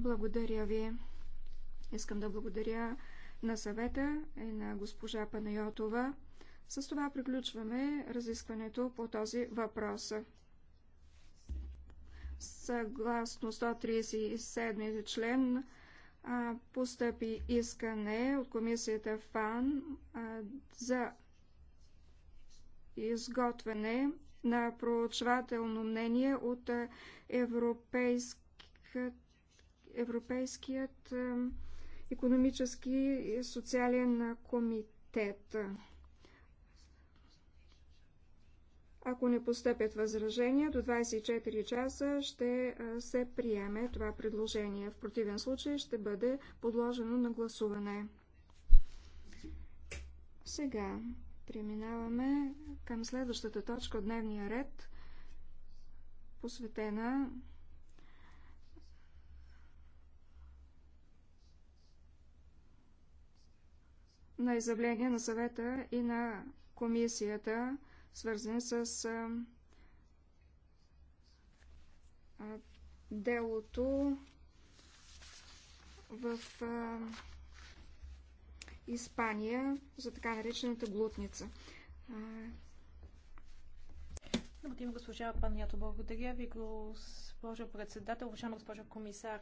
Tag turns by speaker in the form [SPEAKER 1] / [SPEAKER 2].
[SPEAKER 1] Благодаря ви. Искам да благодаря на съвета и на госпожа Панайотова. С това приключваме разискването по този въпрос. Съгласно 137 член постъпи искане от комисията ФАН за изготвяне на проучвателно мнение от Европейската Европейският е, економически и социален комитет. Ако не постъпят възражения, до 24 часа ще е, се приеме това предложение. В противен случай ще бъде подложено на гласуване. Сега преминаваме към следващата точка от дневния ред, посветена на изявления на съвета и на комисията, свързани с а, а, делото в а, Испания за така наречената глутница. Благодаря, госпожа Панято. Благодаря ви, госпожа председател, уважаема госпожа комисар.